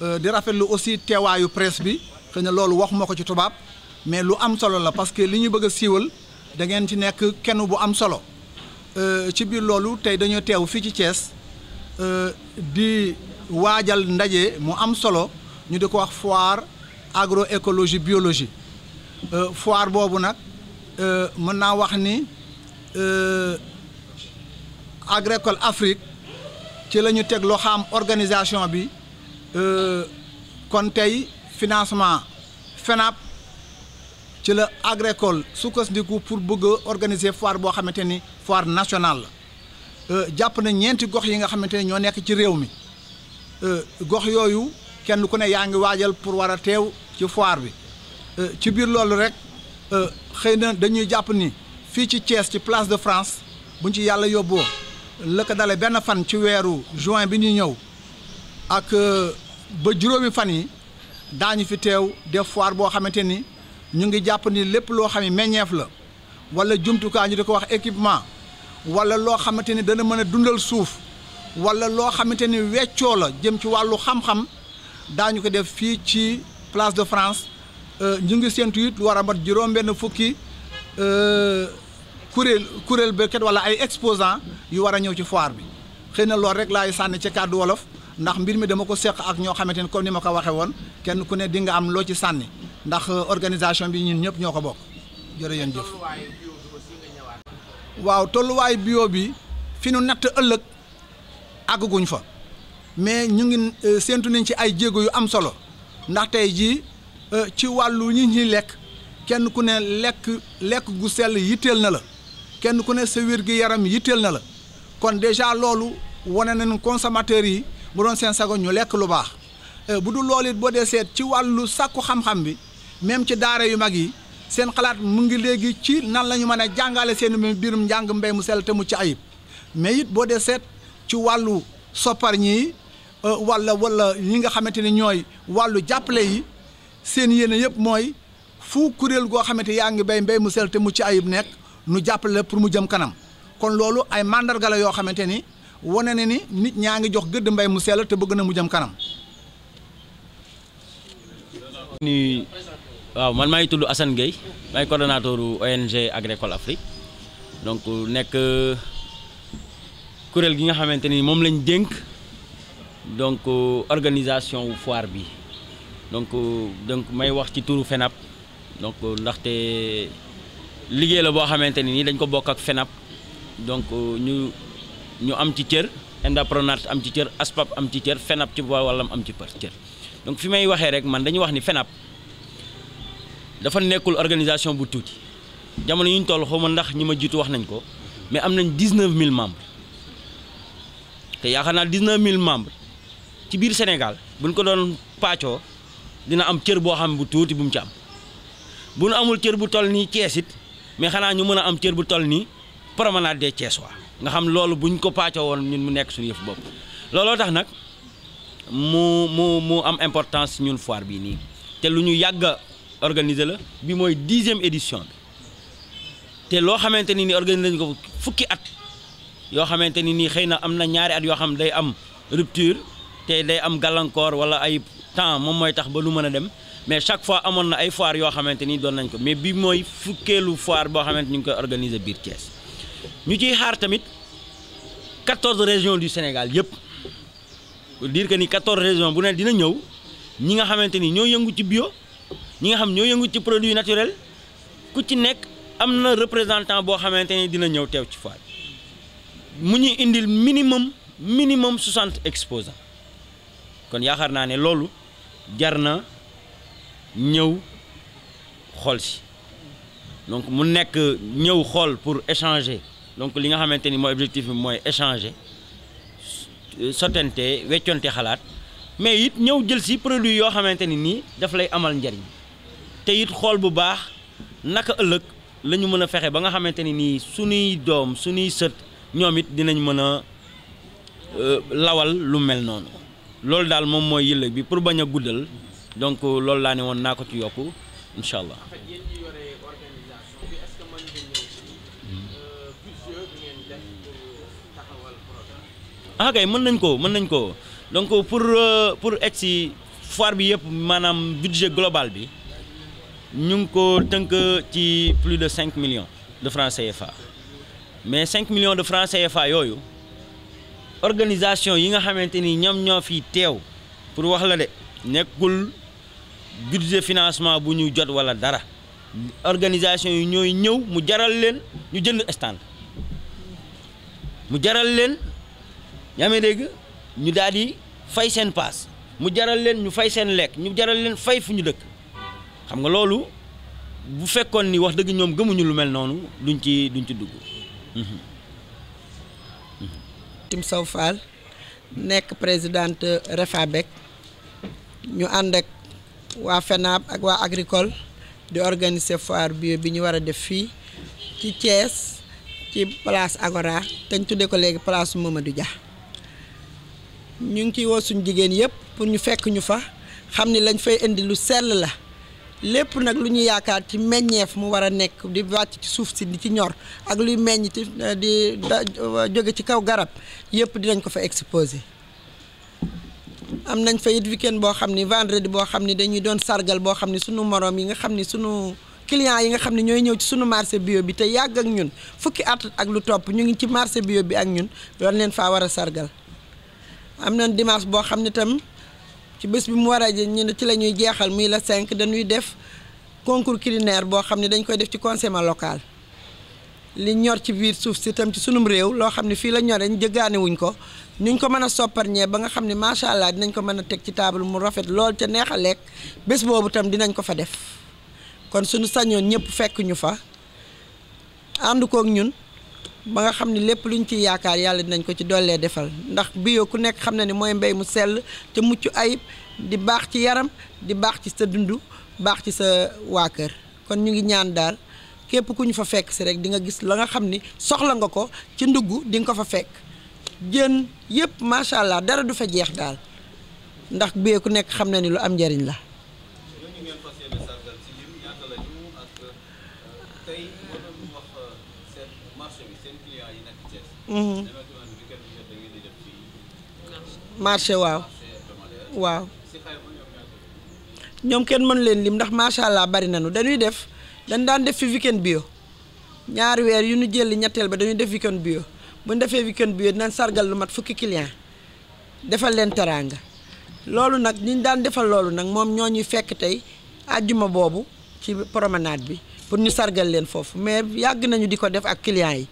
Euh, di rafetlu aussi teewaayu presse bi xëy na loolu waxuma ko ci tubaab mais lu am solo la parce que li ñu bëgg a siiwal da ngeen ci nekk kenn bu am solo euh, ci biir loolu tey dañoo teew fii ci Thiès euh, di waajal ndaje mu am solo ñu di ko wax foire écologie biologie foire boobu nag mën naa wax ni Agricole Afrique ci lañu ñu teg loo xam organisation bi Euh, kon tey financement FENAP ci la agricole sukkandiku pour bëgg a organiser foire boo xamante ni foire nationale la euh, jàpp na ñeenti gox yi nga xamante ne ñoo nekk ci réew mi euh, gox yooyu kenn ku ne yaa ngi waajal pour war a teew ci foire bi ci biir loolu rek xëy na dañuy jàpp ni fii ci Thiès ci place de France buñ ci yàlla yóbboo la dale benn fan ci weeru juin bi ñuy ñëw ak. ba juróomi fan yi daañu fi teew def foire boo xamante ni ñu ngi jàpp ni lépp loo xam ne meññeef la wala jumtukaay ñu di ko wax équipement wala loo xamante ni dana mën a dundal suuf wala loo xamante ni weccoo la jëm ci wàllu xam-xam daañu ko def fii ci place de France euh, ñu ngi séntu it war a mat juróom-benn fukki euh, kuréel kuréel béykat wala ay exposants yu war a ñëw ci foire bi xëy na loolu rek laay sànni ci kàddu wolof. ndax mbir mi dama ko seq ak ñoo xamante ni ko ni ma ko waxee woon kenn ku ne di nga am loo ci sànni ndax euh, organisation bi ñun ñëpp ñoo ko bokk jërëjëf jëf waaw tolluwaay bio bi fi nu natt ëllëg àgguñ fa mais ñu ngi euh, séentu nañ ci ay jéego yu am solo ndax tey jii euh, ci wàllu ñi ñuy lekk kenn ku ne lekk lekk gu sell yitteel na la kenn ku ne sa wér gi yaram yitteel na la kon déjà loolu wane nañ consommateurs yi bu seen sago ñu lekk lu baax eh, bu dul loolu it boo dee seet ci wàllu sàkku xamxam bi même ci daara yu mag yi seen xalaat mu ngi léegi ci nan la ñu mën a jàngale seen biirum njàng mbéy mu sell te mu ci ayib mais it boo dee seet ci wàllu soppar ñi eh, walla wala ñi nga xamante ni ñooy wàllu jàppale yi seen yéene yëpp mooy fu kuréel goo xamante yaa ngi béy mbéy mu sell te mu ci ayib nekk nu jàppale pour mu jëm kanam kon loolu ay mandarga yoo xamante ni. wane na ni nit ñaa ngi jox gëdd mbay mu sell te bëgg na mu jëm kanam. ni waaw man maa ngi tudd Assane Gueye maay coordonnateur ONG Agricole Afrique donc nekk kuréel gi nga xamante ni moom lañ dénk donc organisation wu foire bi donc donc may wax ci turu FENAP donc ndaxte liggéey la boo xamante ni dañ ko bokk ak FENAP donc ñu. ñu am ci cër Endapronat am ci cër ASPAP am ci cër FENAP ci ba wàllam am ci par cër donc fi may waxee rek man dañuy wax ni FENAP dafa nekkul organisation bu tuuti jamono yu ñu toll xaw ndax ñi ma jiitu wax nañ ko mais am nañ 19000 membres te yaakaar naa 19000 membre ci biir Sénégal buñ ko doon paacoo dina am cër boo xam bu tuuti bu mu ci am bu nu amul cër bu toll nii Thiès it mais xanaa ñu mën a am cër bu toll nii promenade des Thiessois nga xam loolu buñ ko pàccoo woon ñun mu nekk suñu yëf bopp looloo tax nag mu mu mu am importance ñun foire bii nii te lu ñu yàgg a organiser la bi mooy dixième édition bi te loo xamante ni ni organiser nañu ko fukki at yoo xamante ni nii xëy na am na ñaari at yoo xam day am rupture te day am gàllankoor wala ay temps moom mooy tax ba lu mën a dem mais chaque fois amoon na ay foire yoo xamante ni doon nañ ko mais bi mooy fukkeelu foire boo xamante ñu ngi koy organiser biir Thiès. ñu ciy xaar tamit quatorze régions du Sénégal yëpp pour dire que ni quatorze régions bu ne dina ñëw ñi nga xamante ni ñoo yëngu ci bio ñi nga xam ñoo yëngu ci produit naturel ku ci nekk am na représentant boo xamante ni dina ñëw teew ci foire mu ñu indil minimum minimum soixante exposants kon yaakaar naa ne loolu jar na ñëw xool ci donc mu nekk ñëw xool pour échanger donc li nga xamante ni mooy objectif bi mooy échanger sottante wecconte xalaat mais it ñëw jël si produit yoo xamante ni nii daf lay amal njariñ te it xool bu baax naka ëllëg la ñu mën a fexe ba nga xamante ni nii suñuy doom suñuy sët ñoom it dinañ mën a euh, lawal lu mel noonu loolu daal moom mooy yëllëg bi pour bañ a guddal donc loolu laa ne woon naa ko ci yokk incha allah ah mën nañ ko mën nañ ko donc pour euh, pour egg si foire bi yëpp maanaam budget global bi ñu ngi ko tënk ci plus de cinq millions de francs CFA mais cinq millions de francs CFA yooyu organisation yi nga xamante ni ñoom ñoo fi teew pour wax la de nekkul budget financement bu ñu jot walla dara organisation yi ñooy ñëw mu jaral leen ñu jënd stand mu jaral leen yaa ngi dégg ñu daal di fay seen paas mu jaral leen ñu fay seen lekk ñu jaral leen fay fu ñu dëkk xam nga loolu bu fekkoon ni wax dëgg ñoom gëmuñu lu mel noonu duñ ci duñ ci dugg. Mhm. nekk présidente Refabek ñu ànd ak waa FENAB ak waa agricole di organiser foire bio bi ñu war a def fii ci Thiès ci place Agora te ñu tuddee ko léegi moma Mamadou Dia. ñu ngi ciy woo suñu jigéen yëpp pour ñu fekk ñu fa xam ni lañ fay indi lu sell la lépp nag lu ñu yaakaar ci meññeef mu war a nekk di wàcc ci suuf si di ci ñor ak luy meññ ci eh, di jóge ci kaw garab yëpp dinañ ko fa exposé. am nañ fa it weekend boo xam ni vendredi boo xam ni dañuy doon sargal boo xam ni sunu moroom yi nga xam ni sunu clients yi nga xam ne ñooy ñëw ci sunu marché bio bi te yàgg ak ñun fukki at ak lu topp ñu ngi ci marché bio bi ak ñun doon leen faa war a sargal. am na dimanche boo xam ne tam ci bés bi mu war a ñu ci la ñuy jeexal muy la cinq dañuy def concours culinaire boo xam ne dañ koy def ci consommation locale li ñor ci biir suuf si tam ci sunum réew loo xam ne fii la ñore ñu jëggaane wuñ ko nuñ ko mën a sopparñee ba nga xam ne macha allah dinañ ko mën a teg ci table mu rafet lool ca neex a lekk bés boobu tam dinañ ko fa def kon suñu sañoon ñëpp fekk ñu fa ànd kook ñun. ba nga xam ne lépp lu luñ ciy yaakaar yàlla dinañ ko ci dollee defal ndax bio ku nekk xam na ne mooy mbay mu sell te mucc ayib di baax ci yaram di baax ci sa dund baax ci sa waa kër kon ñu ngi ñaan daal képp ku ñu fa fekk si rek di nga gis la nga xam ni soxla nga ko ci ndugg di nga ko fa fekk jën yëpp macha allah dara du fa jeex daal ndax bio ku nekk xam na ni lu am njariñ la Mhm. marché waaw waaw ñoom kenn mën leen lim ndax macha allah bari nañu dañuy def dañ daan def fi weekend bio ñaari weer yu ñu jëli ñetteel ba dañuy def weekend bio bu ñu defee weekend bio dinañ sargal lu mat fukki client defal leen teraanga loolu nag ñu daan defal loolu nag moom ñoo ñuy fekk tey àjjuma boobu ci promenade bi pour ñu sargal leen foofu mais yàgg nañu di ko def ak client yi.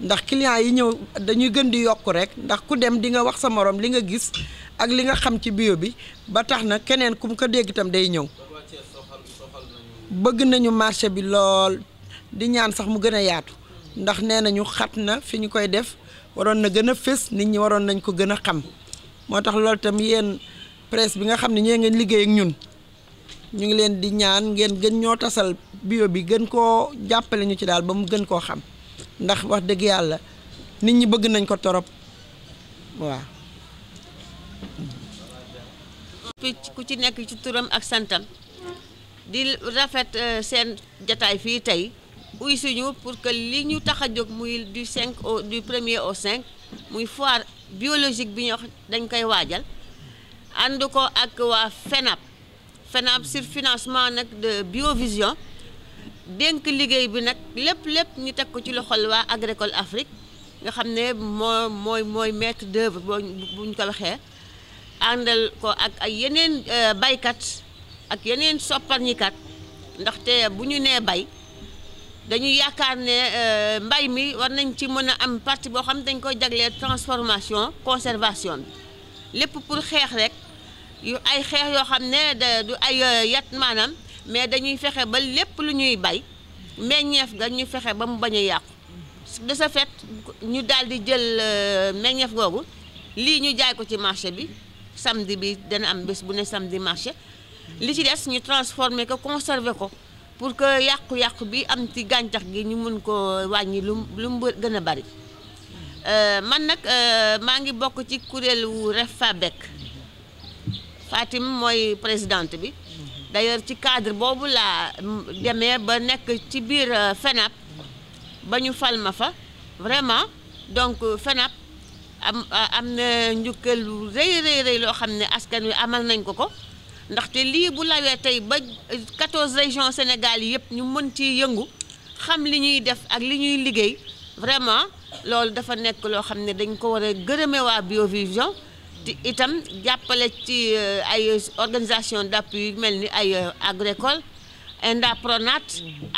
ndax client yi ñëw dañuy gën di yokk rek ndax ku dem di nga wax sa moroom li nga gis ak li nga xam ci bio bi ba tax na keneen ku mu ko dégg itam day ñëw bëgg nañu marché bi lool di ñaan sax mu gën a yaatu ndax nee nañu xat na fi ñu koy def waroon na gën a fës nit ñi waroon nañ ko gën a xam moo tax loolu itam yéen presse bi nga xam ne ñee ngeen liggéey ak ñun ñu ngi leen di ñaan ngeen gën ñoo tasal bio bi gën koo jàppale ñu ci daal ba mu gën koo xam ndax wax dëgg yàlla nit ñi bëgg nañ ko torop waaw. ku ci nekk ci turam ak santam di rafet euh, seen jataay fii tey uy suñu pour que li ñu tax a jóg muy du 5 au du premier au cinq muy foire biologique bi ñu dañ koy waajal ànd ko ak waa FENAB FENAB sur financement nag de Biovision. dénk liggéey bi nag lépp lépp ñu teg ko ci loxol waa Agricole Afrique nga xam ne moo mooy mooy maître d'œuvre boo buñ ko waxee àndal ko ak ay yeneen euh, baykat ak yeneen sopparñikat ndaxte bu ñu nee bay dañu yaakaar ne euh, mbay mi war nañ ci mën a am partie boo xam dañ koy jaglee transformation conservation bi lépp pour xeex rek yu ay xeex yoo xam ne du ay euh, yat maanaam mais dañuy fexe ba lépp lu ñuy bay meññeef nga ñu fexe ba mu bañ a yàqu de ce fait ñu daal di jël euh, meññeef googu lii ñu jaay ko ci marché bi samedi bi dana am bés bu ne samedi marché li ci des ñu transformer ko conserver ko pour que yàqu-yàqu bi am ci gàncax gi ñu mun ko wàññi lu lu mu gën a bari euh, man nag euh, maa ngi bokk ci kuréelu Refa Beck Fatim mooy présidente bi d'ailleurs ci cadre boobu laa mm, demee ba nekk ci biir euh, FENAP ba ñu fal ma fa vraiment donc euh, FENAP am am na njukkal lu rëy rëy loo xam ne askan wi amal nañ ko ko ndaxte lii bu lawee tey ba 14 régions Sénégal yëpp ñu mën ci yëngu xam li ñuy def ak li ñuy liggéey vraiment loolu dafa nekk loo xam ne dañ ko war a gërëme waa Biovision itam jàppale ci euh, ay organisation d'appui yu mel ni ay euh, agricole Indapronat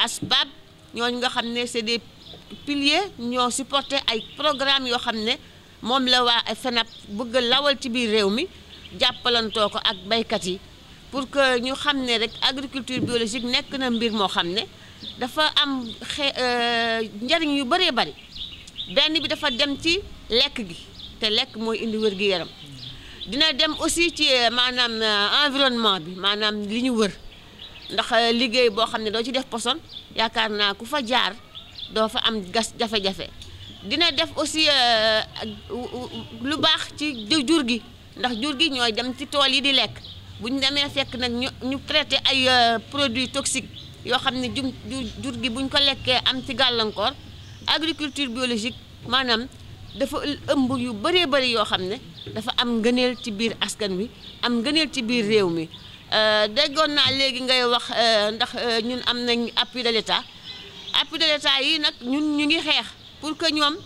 ASPAB ñooñu nga xam ne c'est des piliers ñoo supporté ay programme yoo xam ne moom la waa FENAP bëgg lawal ci biir réew mi jàppalantoo ko ak baykat yi pour que ñu xam ne rek agriculture biologique nekk na mbir moo xam ne dafa am xe euh, njariñ yu bëree bëri benn bi dafa dem ci lekk gi te lekk mooy indi wér-gi-yaram dina dem aussi ci euh, maanaam euh, environnement bi maanaam li ñu wër ndax euh, liggéey boo xam ne doo ci def poson yaakaar naa ku fa jaar doo fa am gas jafe-jafe dina def aussi lu baax ci jur gi ndax jur gi ñooy dem ci tool yi di lekk bu ñu demee fekk nag ñu ñu traité ay produits toxique yoo xam ne jum jur gi bu ñu ko lekkee am ci gàllankoor agriculture biologique maanaam dafa ëmb yu bëree bëri yoo xam ne dafa am ngëneel ci biir askan wi am ngëneel ci biir réew mi euh, déggoon naa léegi ngay wax euh, ndax euh, ñun am nañ appui de l'État appui de l'État yi nag ñun ñu ngi xeex pour que ñoom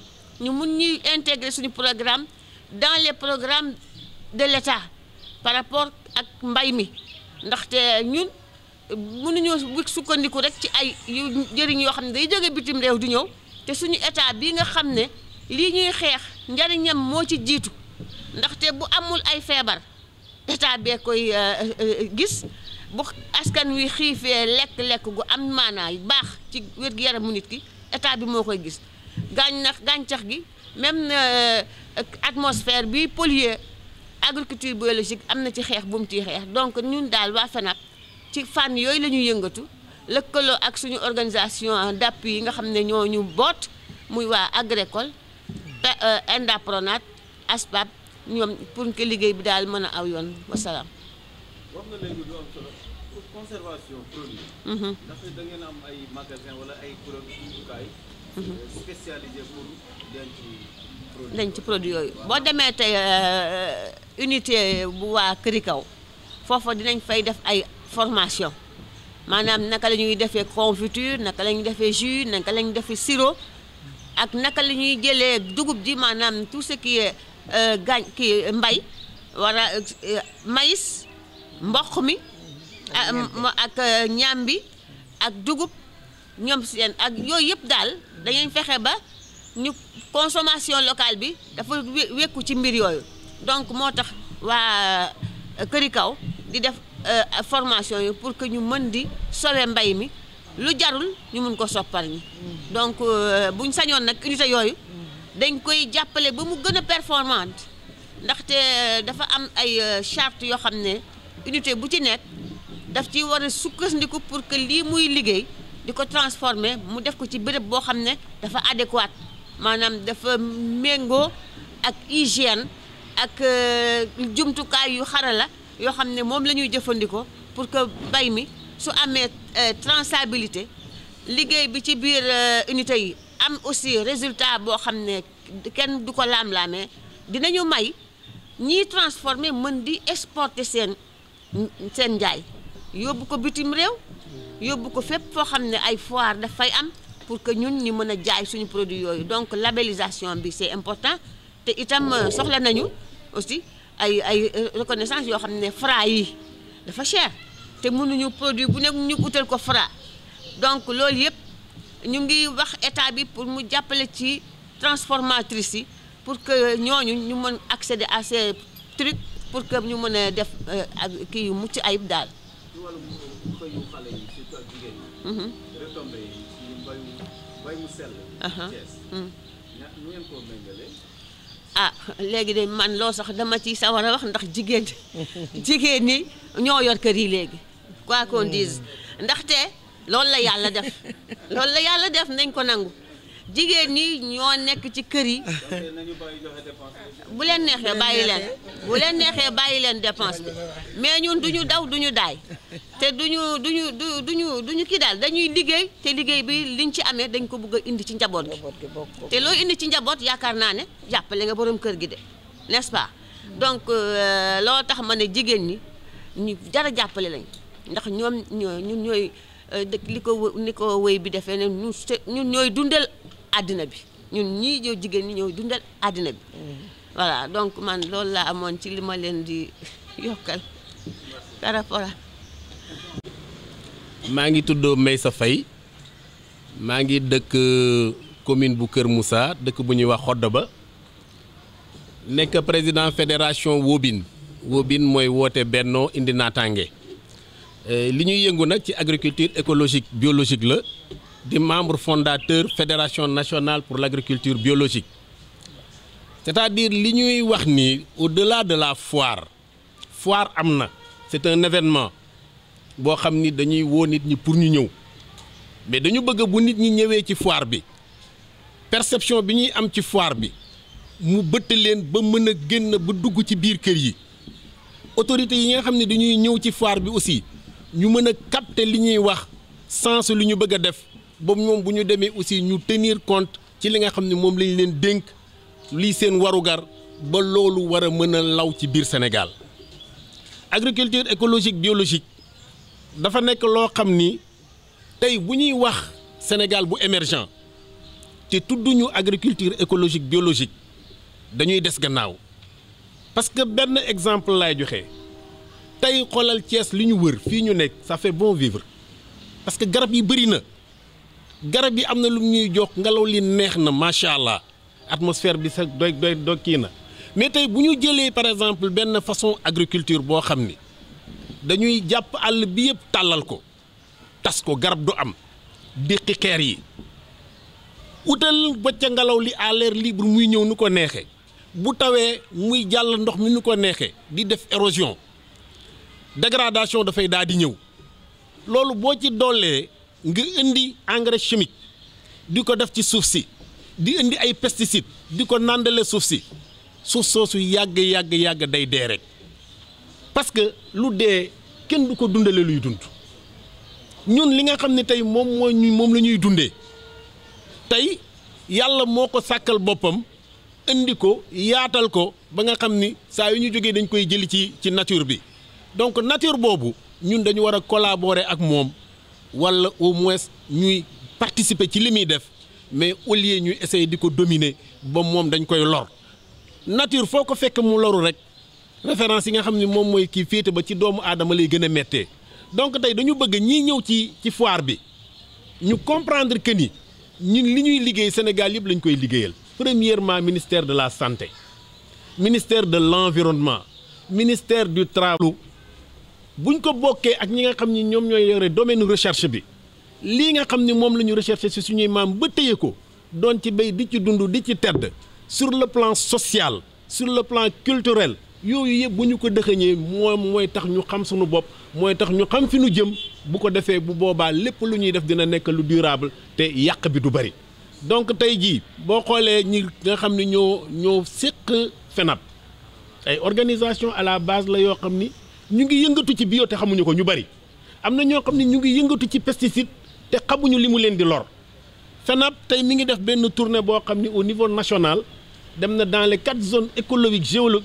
ñu mun ñuy intégrer suñu programme dans les programmes de l'État par rapport ak mbay mi ndaxte ñun mënuñoo sukkandiku rek ci ay yu njëriñ yoo xam ne day jóge bitim réew di ñëw te suñu état bii nga xam ne lii ñuy xeex njariñam moo ci jiitu ndaxte bu amul ay feebar état bee koy euh, euh, euh, gis bu askan wi xiifee lekk-lekk gu am maanaa baax ci wér gu mu nit ki état bi moo koy gis gànnax gàncax gi même atmosphère bi pollué agriculture biologique am na ci xeex bu mu ciy xeex donc ñun daal waa FENAC ci fànn yooyu lañuy ñuy yëngatu lëkkaloo ak suñu organisation dàpp yi nga xam ne ñoo ñu boot muy waa agricole Euh, indapronate aspap ñoom pour que liggéey bi daal mën a aw yoon wasalaam. wax mhm. mhm. euh, ci produit. yooyu boo demee tey euh, unité bu waa këri kaw foofa dinañ fay def ay formation maanaam naka la ñuy defee confiture naka la ñuy defee jus naka la ñuy defee sirop. ak naka la ñuy jëlee dugub ji maanaam touse ki qui est euh, gaañ kii mbay wala euh, maïs mboq mi ak ñaam euh, bi ak dugub ñoom seen ak yooyu yëpp daal dañuy fexe ba ñu consommation locale bi dafa wékku ci mbir yooyu donc moo tax waa këri Kaw di def formation yi pour que ñu mën di sole mbay mi lu jarul ñu mun ko soppar ñi donc euh, buñ sañoon nag unité yooyu dañ koy jàppale ba mu gën a performante ndaxte euh, dafa am ay euh, charte yoo xam ne unité bu ci nekk daf ci war a sukkandiku pour que lii muy liggéey di ko transformer mu def ko ci bërëb boo xam ne dafa adéquat maanaam dafa méngoo ak hygiène ak jumtukaay yu xarala yoo xam ne moom la ñuy jëfandikoo pour que mbay mi su amee euh, traçabilité liggéey bi ci biir euh, unité yi am aussi résultat boo xam ne kenn du ko laam-laamee dinañu may ñii transformer mën di exporter seen seen njaay yóbbu ko bitim réew yóbbu ko fépp foo xam ne ay foire daf fay am pour que ñun ñu mën a jaay suñu produit yooyu donc labellisation bi c'est important te itam euh, soxla nañu aussi ay ay reconnaissance yoo xam ne Fra yi dafa cher te mënuñu produit bu nekk ñu utal ko Fra donc loolu yëpp ñu ngi wax état bi pour mu jàppale ci transformatrice yi pour que ñooñu ñu mën accéder à ces trucs pour que ñu mën a def euh, ak kii yu mucc ayib daal. Mhm. Mhm. ah léegi de man loo sax dama ci sawar wax ndax jigéen jigéen ñi ñoo yor kër yi léegi quoi qu'on dise ndaxte loolu la yàlla def loolu la yàlla def nañ ko nangu jigéen ñi ñoo nekk ci kër yi bu leen neexee bàyyi leen bu leen neexee bàyyi leen dépense bi mais ñun duñu daw duñu daay te duñu duñu du duñu duñu kii daal dañuy liggéey te liggéey bi liñ ci amee dañ ko bëgg a indi ci njaboot gi te loo indi ci njaboot yaakaar naa ne jàppale nga boroom kër gi de n'est-ce pas donc euh, loo tax ma ne jigéen ñi ñu dara jàppale lañ ndax ñoom ñoo ñun ñooy euh, dëkk li ko ni ko wéy bi defee ne ñun ñun ñooy dundal àddina bi ñun ñii jigéen ñi ñooy dundal àddina bi mm. voilà donc man loolu laa amoon ci li ma leen di yokkal par maa ngi tudd Meysa Faye maa ngi dëkk euh, commune bu Kër Moussa dëkk bu ñuy wax xodd Xoddoba nekk président fédération Wobin Wobin mooy woote bennoo indi naataange Euh, li ñuy yëngu nag ci agriculture écologique biologique la di membre fondateur fédération nationale pour l'agriculture biologique c'est-à-dire li ñuy wax ni au-delà de la foire foire am na c'est un événement boo xam ni dañuy woo nit ñi pour ñu ñëw mais dañu bëgg bu nit ñi ñëwee ci foire bi perception bi ñuy am ci foire bi mu bëtt leen ba mën a génn ba dugg ci biir kër yi autorités yi nga xam ne dañuy ñëw ci foire bi aussi ñu mën a capter li ñuy wax sens lu ñu bëgg a def ba moom bu ñu demee aussi ñu tenir compte ci li nga xam ni moom lañ leen dénk lii seen warugar ba loolu war a mën a law ci biir Sénégal agriculture écologique biologique dafa nekk loo xam ni tey bu ñuy wax Sénégal bu émergent te tudduñu agriculture écologique biologique dañuy des gannaaw parce que benn exemple laay joxe. tey xoolal Thiès li ñu wër fii ñu nekk ça fait bon vivre parce que garab yi bëri na garab yi am na lu ñuy jox ngelaw li neex na macha allah atmosphère bi sax doy doy doy kii na mais tey bu ñu jëlee par exemple benn façon agriculture boo xam ni dañuy jàpp àll bi yëpp tàllal ko tas ko garab du am déqi xeer yi utal ba ca ngelaw li à l'air libre muy ñëw nu ko neexee bu tawee muy jàll ndox mi nu ko neexee di def érosion. dégradation dafay daal di ñëw loolu boo ci doolee ngir indi engrais chimique di ko def ci suuf si di indi ay pesticides di ko nàndale suuf si suuf soosu yàgg yàgg yàgg day dee rek parce que lu dee kenn du ko dundale luy dund ñun li nga xam ni tey moom moom la ñuy dundee tey yàlla moo ko sàkkal boppam indi ko yaatal ko ba nga xam ni saa yu ñu jógee dañ koy jëli ci ci nature bi donc nature boobu ñun dañu war a collaborer ak moom walla au moins ñuy participer ci li muy def mais au lieu ñuy essayer di ko dominer ba moom dañ koy lor nature foo ko fekk mu loru rek référence yi nga xam ni moom mooy kii féete ba ci doomu aadama lay gën a méttee donc tey dañu bëgg ñii ñëw ci ci foire bi ñu comprendre que ni ñun li ñuy liggéey Sénégal yëpp lañ koy liggéeyal premièrement ministère de la santé ministère de l'environnement ministère du travail buñ ko bokkee ak ñi nga xam ni ñoom ñooy yore domaine recherche bi lii nga xam ni moom la ñu recherché si suñuy maam ba téye ko doon ci béy di ci dund di ci tedd sur le plan social sur le plan culturel yooyu yëpp bu ñu ko dëxëñee moom mooy tax ñu xam suñu bopp mooy tax ñu xam fi ñu jëm bu ko defee bu boobaa lépp lu ñuy def dina nekk lu durable te yàq bi du bari donc tey jii boo xoolee ñi nga xam ni ñoo ñoo siq fenat ay organisation à la base la yoo xam ni ñu ngi yëngatu ci bio te xamuñu ko ñu bari am na ñoo xam ne ñu ngi yëngatu ci pesticide te xamuñu li mu leen di lor FENAB tey mi ngi def benn tournée boo xam ni au niveau national dem na dans les quatre zones écologiques géolo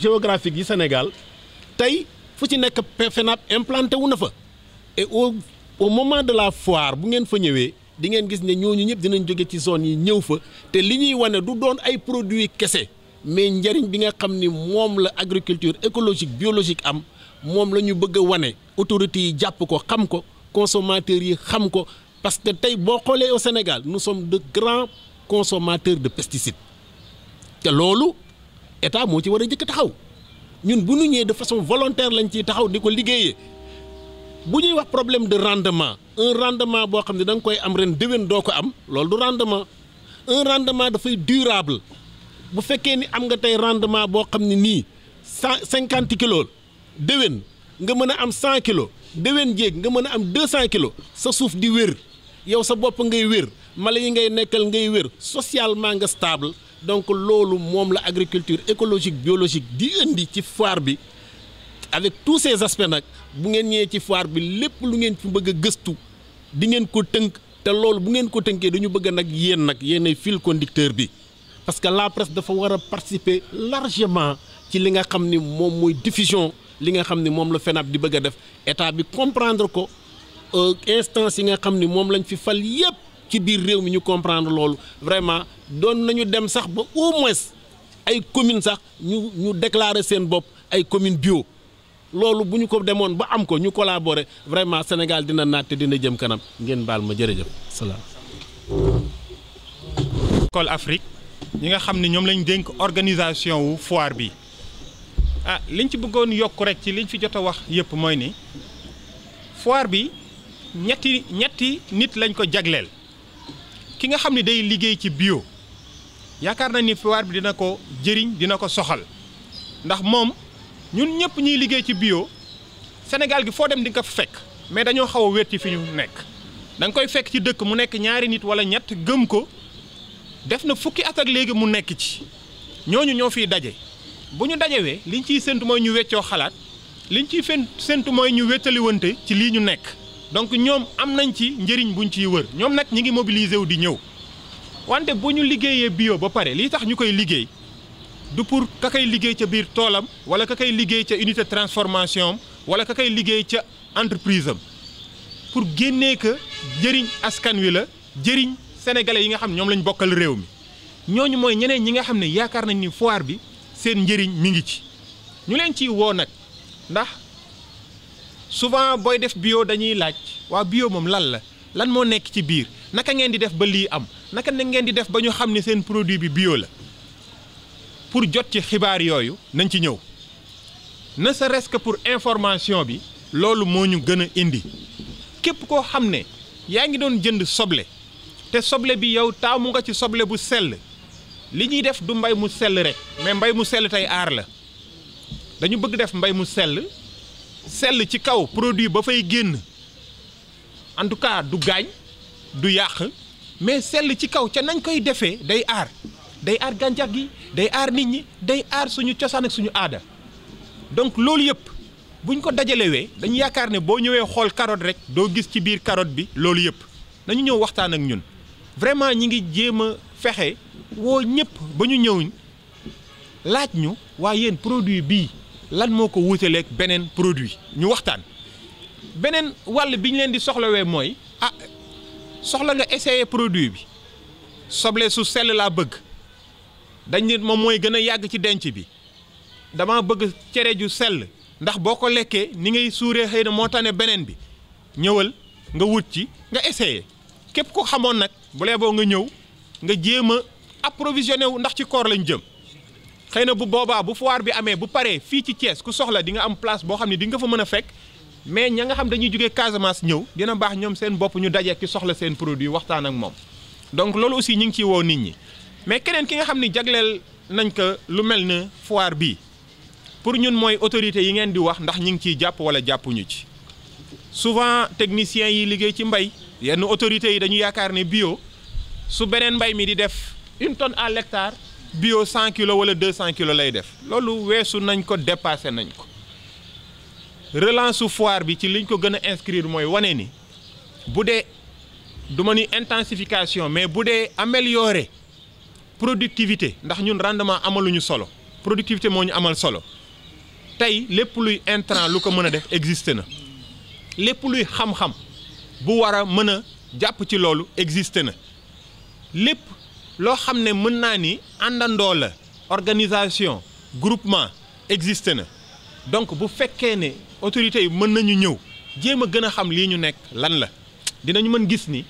géographiques yi Sénégal tey fu ci nekk FENAB implanté wu na fa et au au moment de la foire bu ngeen fa ñëwee di ngeen gis ne ñooñu ñëpp dinañ jóge ci zone yi ñëw fa te li ñuy wane du doon ay produits kese. mais njëriñ bi nga xam ni moom la agriculture écologique biologique am moom la ñu bëgg a wane autorité yi jàpp ko xam ko consommateurs yi xam ko parce que tey boo xoolee au Sénégal nous sommes de grands consomateur de pesticides te loolu état moo ci war a njëkk taxaw ñun bu ñu ñëwee de façon volontaire lañ ciy taxaw di ko liggéeyee bu ñuy wax problème de rendement un rendement boo xam ne da nga koy am ren déwén doo ko am loolu du rendement un rendement dafay durable bu fekkee ni am nga tey rendement boo xam ne nii cent cinquante kilos déwén nga mën a am cent kilos déwén jéeg nga mën a am deux cent kilos sa suuf di wér yow sa bopp ngay wér mala yi ngay nekkal ngay wér socialement nga stable donc loolu moom la agriculture écologique biologique di indi ci foire bi avec tous ces aspects nag bu ngeen ñëwee ci foire bi lépp lu ngeen fi bëgg a gëstu di ngeen ko tënk te loolu bu ngeen ko tënkee dañu bëgg nag yéen nag yenn fil conducteur bi parce que la presse dafa war a participer largement ci li nga xam ni moom mooy diffusion li nga xam ni moom la FENAB di bëgg a def état bi comprendre ko euh, instance yi nga xam ni moom lañ fi fal yépp ci biir réew mi ñu comprendre loolu vraiment doon nañu dem sax ba au moins ay commune sax ñu ñu déclarer seen bopp ay commune bio loolu bu ñu ko demoon ba am ko ñu collaborer vraiment Sénégal dina naat te dina jëm kanam ngeen baal ma jërëjëf salaam. Afrique. ñi nga xam ne ñoom lañ dénk organisation wu bi a ah, liñ ci bëggoon yokk rek ci liñ fi jot a wax yëpp mooy ni foire bi ñetti ñetti nit lañ ko jagleel ki nga xam ne day liggéey ci bio yaakaar nañ ni foire bi dina ko jëriñ dina ko soxal ndax moom ñun ñëpp ñuy liggéey ci bio Sénégal gi foo dem di nga ko fekk mais dañoo xaw a wér ci fi ñu nekk da koy fekk ci dëkk mu nekk ñaari nit wala ñett gëm ko. def na fukki at ak léegi mu nekk ci ñooñu ñoo fiy daje bu ñu dajewee liñ ciy séntu mooy ñu weccoo xalaat liñ ciy fen séntu mooy ñu wettaliwonte ci lii ñu nekk donc ñoom am nañ ci njëriñ buñ ciy wër ñoom nag ñi ngi mobiliser wu di ñëw wante bu ñu liggéeyee bio ba pare lii tax ñu koy liggéey du pour ka koy liggéey ca biir toolam wala ka koy liggéey ca unité transformation am wala ka koy liggéey ca entreprise am pour génnee ko jëriñ askan wi la jëriñ sénégalais yi nga xam ne ñoom lañ bokkal réew mi ñooñu mooy ñeneen ñi nga xam ne yaakaar nañ ni foire bi seen njëriñ mi ngi ci ñu leen ci woo nag ndax souvent booy def bio dañuy laaj waa bio moom lan la lan moo nekk ci biir naka ngeen di def ba lii am naka ngeen di def ba ñu xam ni seen produit bi bio la pour jot ci xibaar yooyu nañ ci ñëw na sa resque pour information bi loolu moo ñu gën a indi képp koo xam ne yaa ngi doon jënd soble te soble bi yow taamu nga ci soble bu sell li ñuy def du mbay mu sell rek mais mbay mu sell tey aar la dañu bëgg def mbay mu sell sell ci kaw produit ba fay génn en tout cas du gaañ du yàq mais sell ci kaw ca nañ koy defee day aar day aar gàncax gi day aar nit ñi day aar suñu cosaan ak suñu aada donc loolu yëpp buñ ko dajalewee dañu yaakaar ne boo ñëwee xool carotte rek doo gis ci biir carotte bi loolu yëpp nañu ñëw waxtaan ak ñun vraiment ñi ngi jéem a fexe woo ñëpp ba ñu ñëw laaj ñu waa yéen produit bii lan moo ko wutaleeg beneen produit ñu waxtaan beneen wàll bi ñu leen di soxlawee mooy a ah, soxla nga essayer produit bi soble su sell laa bëgg dañ nit moom mooy gën a yàgg ci denc bi dama bëgg cere ju sell ndax boo ko lekkee ni ngay suuree xëy na moo ne beneen bi ñëwal nga wut ci nga essayer képp ko xamoon nag bu lee boo nga ñëw nga jéem a approvisionné wu ndax ci koor lañ jëm xëy na bu boobaa bu foire bi amee bu paree fii ci Thiès ku soxla di nga am place boo xam ne di nga fa mën a fekk mais ña nga xam dañuy jógee Casamance ñëw dina baax ñoom seen bopp ñu dajeek ki soxla seen produit waxtaan ak moom donc loolu aussi ñu ngi ciy woo nit ñi mais keneen ki nga xam ni jagleel nañ ko lu mel ne foire bii pour ñun mooy autorités yi ngeen di wax ndax ñu ngi ciy jàpp wala jàppuñu ci souvent techniciens yi liggéey ci mbay yenn autorités yi dañu yaakaar ni bio su beneen mbay mi di def une tonne à bio 100 kilos wala 200 kilos lay def loolu weesu nañ ko dépassé nañ ko relance su foire bi ci liñ ko gën a inscrire mooy wane ni bu dee du ma ni intensification mais bu dee améliorer productivité ndax ñun rendement amaluñu solo productivité moo ñu amal solo tey lépp luy intrant lu ko mën a def existe na lépp luy xam-xam. bu war a mën a jàpp ci loolu existe na lépp loo xam ne mën naa ni àndandoo la organisation groupement existe na donc bu fekkee ne autorités yi mën nañu ñëw jéem a gën a xam lii ñu nekk lan la dinañu mën gis ni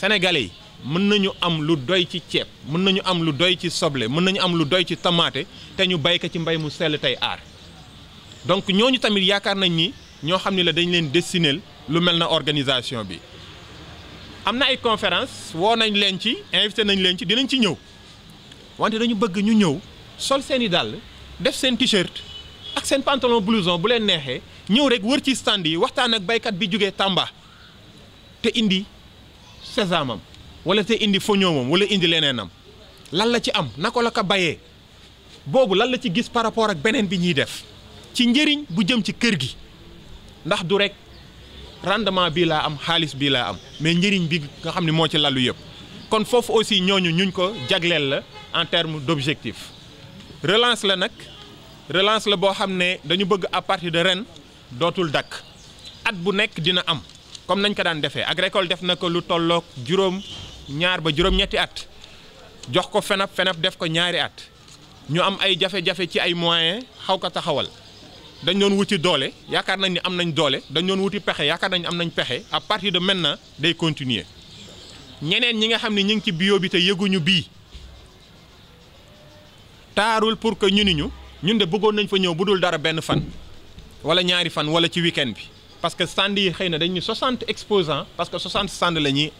sénégalais yi mën nañu am lu doy ci ceeb mën nañu am lu doy ci soble mën nañu am lu doy ci tamaate te ñu bay ci mbay mu sell tey aar donc ñooñu tamit yaakaar nañ ni ñoo xam ne la dañ leen destinel lu mel na organisation bi am na ay conférence woo nañ leen ci invité nañ leen ci dinañ ci ñëw wante dañu bëgg ñu ñëw sol seeni dàll def seen t ak seen pantalon blouson bu leen neexee ñëw rek wër ci stand yi waxtaan ak baykat bi jógee Tamba te indi sesamam wala te indi foñoomam wala indi leneenam lan la ci am naka la ko bayee boobu lan la ci gis par rapport ak beneen bi ñuy def ci njëriñ bu jëm ci kër gi ndax du rek rendement bii laa am xaalis bii laa am mais njëriñ bi nga xam ne moo ci lalu yëpp kon foofu aussi ñooñu ñuñ ko jagleel la en terme d'objectif relance la nag relance la boo xam ne dañu bëgg à partir de ren dootul dakk at bu nekk dina am comme nañ ko daan defee agricole def na ko lu tolloog juróom ñaar ba juróom-ñetti at jox ko FENAP FENAP def ko ñaari at ñu am ay jafe-jafe ci ay moyens xaw ko taxawal dañu doon wuti doole yaakaar nañ ni am nañ doole dañ doon wuti pexe yaakaar nañ am nañ pexe à partir de maintenant day continuer ñeneen ñi nga xam ne ñu ngi ci bio bi te yëguñu bii taarul pour que ñu ni ñu ñun de bëggoon nañ fa ñëw bu dul dara benn fan wala ñaari fan wala ci weekend bi parce que stand yi xëy na dañu 60 exposants parce que 60 stand la ñuy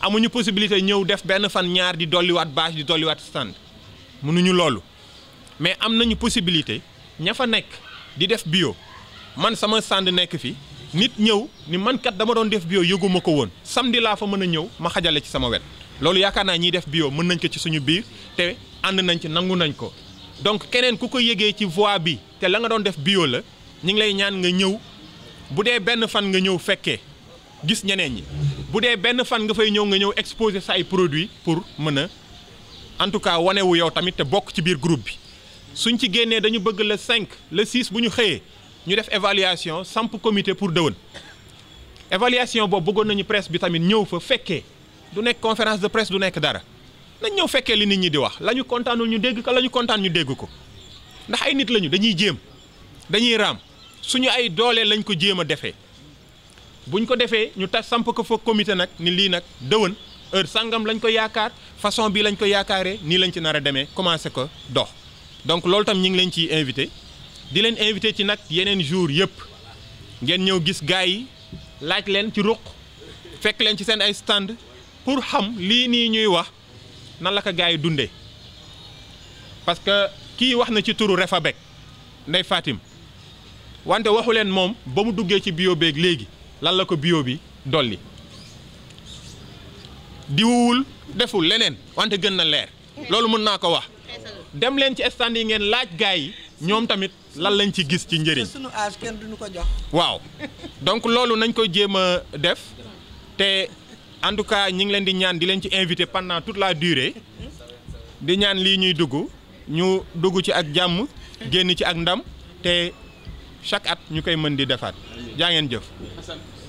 amuñu possibilité ñëw def benn fan ñaar dolliwaat bâche di dolliwaat stand mënuñu loolu mais am nañu possibilité ña fa nekk. di def bio man sama sànd nekk fi nit ñëw ni man kat dama doon def bio yëguma ko woon samedi laa fa mën a ñëw ma xajale ci sama wet loolu yaakaar naa ñiy def biyo mën nañ ko ci suñu biir te ànd nañ ci nangu nañ ko donc keneen ku ko yëgee ci voie bi te la nga doon def bio la ñu ngi lay ñaan nga ñëw bu dee benn fan nga ñëw fekkee gis ñeneen ñi bu dee benn fan nga fay ñëw nga ñëw exposer sa ay produits pour mën a en tout cas wane wu yow tamit te bokk ci biir bi suñ ci génnee dañu bëgg la 5 le 6 bu ñu xëyee ñu def évaluation samp comité pour dëwën évaluation boobu bëggoon nañu presse bi tamit ñëw fa fekkee du nekk conférence de presse du nekk dara nañ ñëw fekkee li nit ñi di wax la ñu kontaanul ñu dégg ko la ñu kontaan ñu dégg ko ndax ay nit lañu dañuy jéem dañuy raam suñu ay doole lañ ko jéem a defee buñ ko defee ñu tas samp ko fa comité nag ni lii nag dëwën heure sangam lañ ko yaakaar façon bii lañ ko yaakaaree nii lañ ci nar a demee commencé ko dox. donc loolu tam ñu ngi leen ciy invité di leen invité ci nag yeneen jour yëpp ngeen ñëw gis gars yi laaj leen ci ruq fekk leen ci seen ay stand pour xam lii nii ñuy wax nan la ko gars yi dundee parce que kii wax na ci turu Refabek Ndeye faatim wante waxu leen moom ba mu duggee ci bio beeg léegi lan la ko bio bi dolli diwuwul deful leneen wante gën na leer loolu mën naa ko wax. dem leen ci stand yi ngeen laaj gars yi ñoom tamit lan lañ ci gis ci njëriñ. sunu âge kenn ko jox. waaw donc loolu nañ ko jéem a def te en tout cas ñi ngi leen di ñaan di leen ci invité pendant toute la durée di ñaan lii ñuy dugg ñu dugg ci ak jàmm génn ci ak ndam te chaque at ñu koy mën di defaat jaa ngeen jëf.